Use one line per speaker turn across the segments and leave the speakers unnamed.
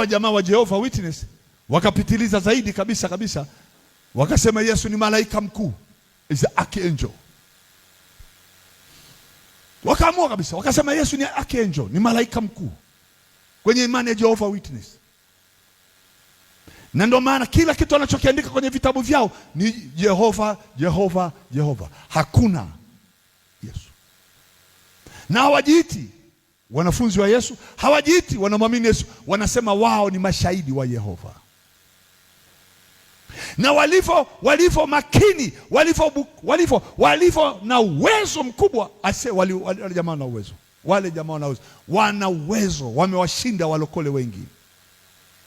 hawa jamaa wa Jehova Witness wakapitiliza zaidi kabisa kabisa, wakasema Yesu ni malaika mkuu, is archangel. Wakaamua kabisa, wakasema Yesu ni archangel, ni malaika mkuu kwenye imani ya Jehova Witness na ndio maana kila kitu anachokiandika kwenye vitabu vyao ni Jehova, Jehova, Jehova, hakuna Yesu na hawajiiti Wanafunzi wa Yesu hawajiiti wanamwamini Yesu, wanasema wao ni mashahidi wa Yehova na walivyo walivyo makini walivyo walivyo walivyo na uwezo mkubwa ase wali jamaa na uwezo wale jamaa na uwezo wana uwezo, wamewashinda walokole wengi,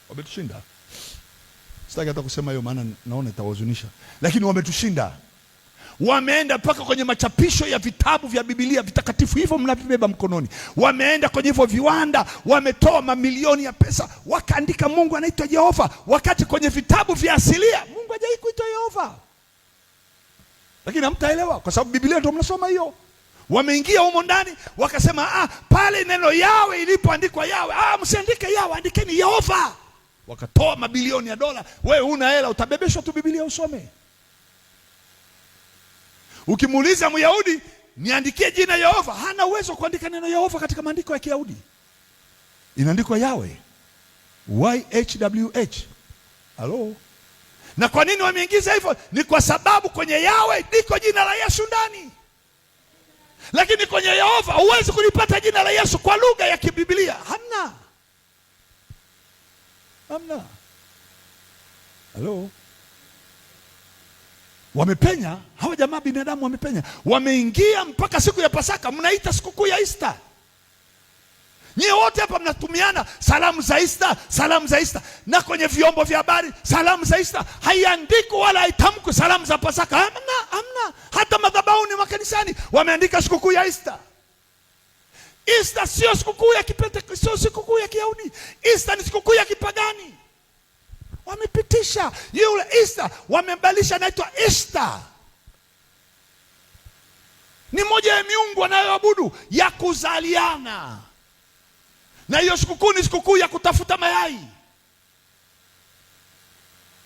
wametushinda. Sitaki hata kusema hiyo, maana naona itawahuzunisha, lakini wametushinda wameenda mpaka kwenye machapisho ya vitabu vya Biblia vitakatifu hivyo mnavibeba mkononi, wameenda kwenye hivyo viwanda, wametoa mamilioni ya pesa, wakaandika Mungu anaitwa Jehova, wakati kwenye vitabu vya asilia Mungu hajai kuitwa Jehova. Lakini hamtaelewa kwa sababu Biblia ndio mnasoma hiyo. Wameingia humo ndani wakasema, ah, pale neno yawe ilipoandikwa yawe, ah, msiandike yawe, andikeni Yehova. Wakatoa mabilioni ya dola. Wewe una hela, utabebeshwa tu Biblia usome. Ukimuuliza Myahudi niandikie jina Yehova, hana uwezo wa kuandika neno Yehova katika maandiko ya Kiyahudi. Inaandikwa Yawe, YHWH. Halo, na kwa nini wameingiza hivyo? Ni kwa sababu kwenye Yawe liko jina la Yesu ndani, lakini kwenye Yehova huwezi kulipata jina la Yesu kwa lugha ya kibibilia, hamna, hamna. Halo. Wamepenya hawa jamaa, binadamu wamepenya, wameingia mpaka siku ya Pasaka. Mnaita sikukuu ya Easter. Nyie wote hapa mnatumiana salamu za Easter, salamu za Easter, na kwenye vyombo vya habari salamu za Easter. haiandiku wala haitamku salamu za Pasaka, Amna, amna, Hata madhabahuni makanisani wameandika sikukuu ya Easter. Easter sio sikukuu ya Kipentekoste, sio sikukuu ya Kiyahudi. Easter ni sikukuu ya kipagani wamepitisha yule Easter, wamebadilisha naitwa Easter. Ni moja ya miungu wanayoabudu ya kuzaliana, na hiyo sikukuu ni sikukuu ya kutafuta mayai.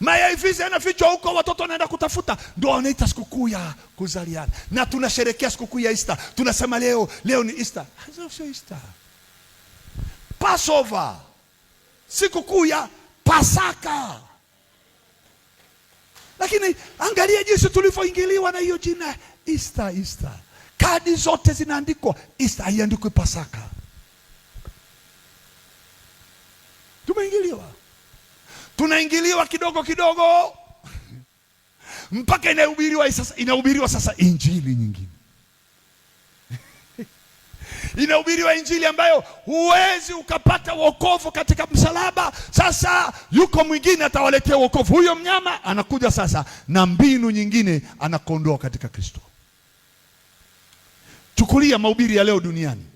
Mayai vizi vichwa huko, watoto wanaenda kutafuta, ndio wanaita sikukuu ya kuzaliana, na tunasherekea sikukuu ya Easter. Tunasema leo leo ni Easter, sio Easter. Passover, sikukuu ya Pasaka. Lakini angalia jinsi tulivyoingiliwa na hiyo jina Easter, Easter. Kadi zote zinaandikwa Easter, haiandikwi Pasaka. Tumeingiliwa, tunaingiliwa kidogo kidogo mpaka inahubiriwa sasa, inahubiriwa sasa injili nyingine inahubiriwa injili ambayo huwezi ukapata wokovu katika msalaba. Sasa yuko mwingine atawaletea wokovu. Huyo mnyama anakuja sasa na mbinu nyingine, anakondoa katika Kristo. Chukulia mahubiri ya leo duniani,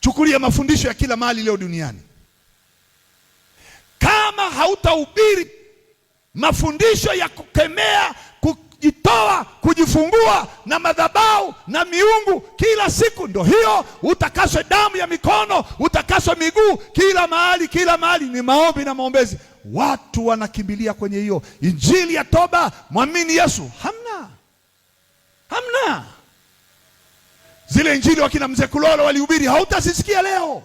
chukulia mafundisho ya kila mahali leo duniani. Kama hautahubiri mafundisho ya kukemea kujitoa, kujifungua na madhabahu na miungu kila siku, ndo hiyo. Utakaswe damu ya mikono, utakaswe miguu, kila mahali, kila mahali ni maombi na maombezi. Watu wanakimbilia kwenye hiyo injili ya toba, mwamini Yesu. Hamna, hamna. Zile injili wakina mzee Kulolo walihubiri hautazisikia leo.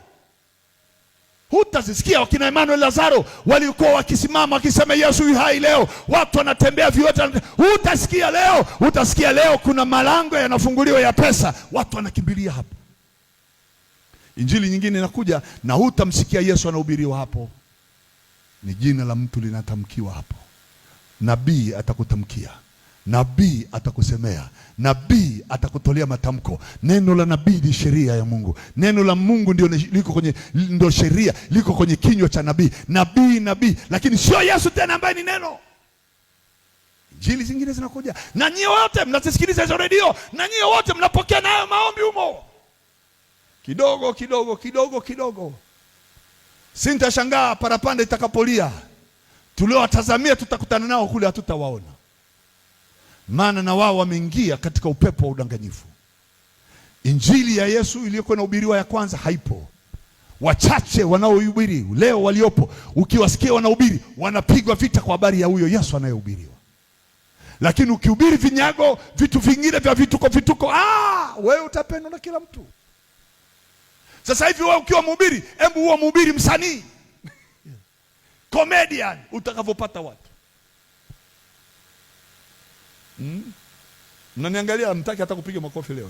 Hutazisikia wakina Emmanuel Lazaro walikuwa wakisimama wakisema Yesu yu hai leo, watu wanatembea viwete. Hutasikia leo, utasikia leo kuna malango yanafunguliwa ya pesa, watu wanakimbilia hapo. Injili nyingine inakuja na hutamsikia Yesu anahubiriwa hapo, ni jina la mtu linatamkiwa hapo, nabii atakutamkia. Nabii atakusemea, nabii atakutolea matamko. Neno la nabii ni sheria ya Mungu. Neno la Mungu ndio liko kwenye, ndio sheria liko kwenye kinywa cha nabii. Nabii nabii, lakini sio Yesu tena ambaye ni neno. Injili zingine zinakuja, na nyie wote mnazisikiliza hizo redio, na nyie wote mnapokea nayo maombi humo, kidogo kidogo kidogo kidogo. Sintashangaa parapanda itakapolia, tuliowatazamia tutakutana nao kule, hatutawaona maana na wao wameingia katika upepo wa udanganyifu. Injili ya Yesu iliyokuwa inahubiriwa ya kwanza haipo. Wachache wanaohubiri leo waliopo, ukiwasikia wanahubiri, wanapigwa vita kwa habari ya huyo Yesu anayehubiriwa. Lakini ukihubiri vinyago, vitu vingine vya vituko vituko, ah, wewe utapendwa na kila mtu. Sasa hivi wewe ukiwa mhubiri, hebu huwa mhubiri msanii comedian, utakavyopata watu Hmm? Mnaniangalia, Mtaki hata kupiga makofi leo.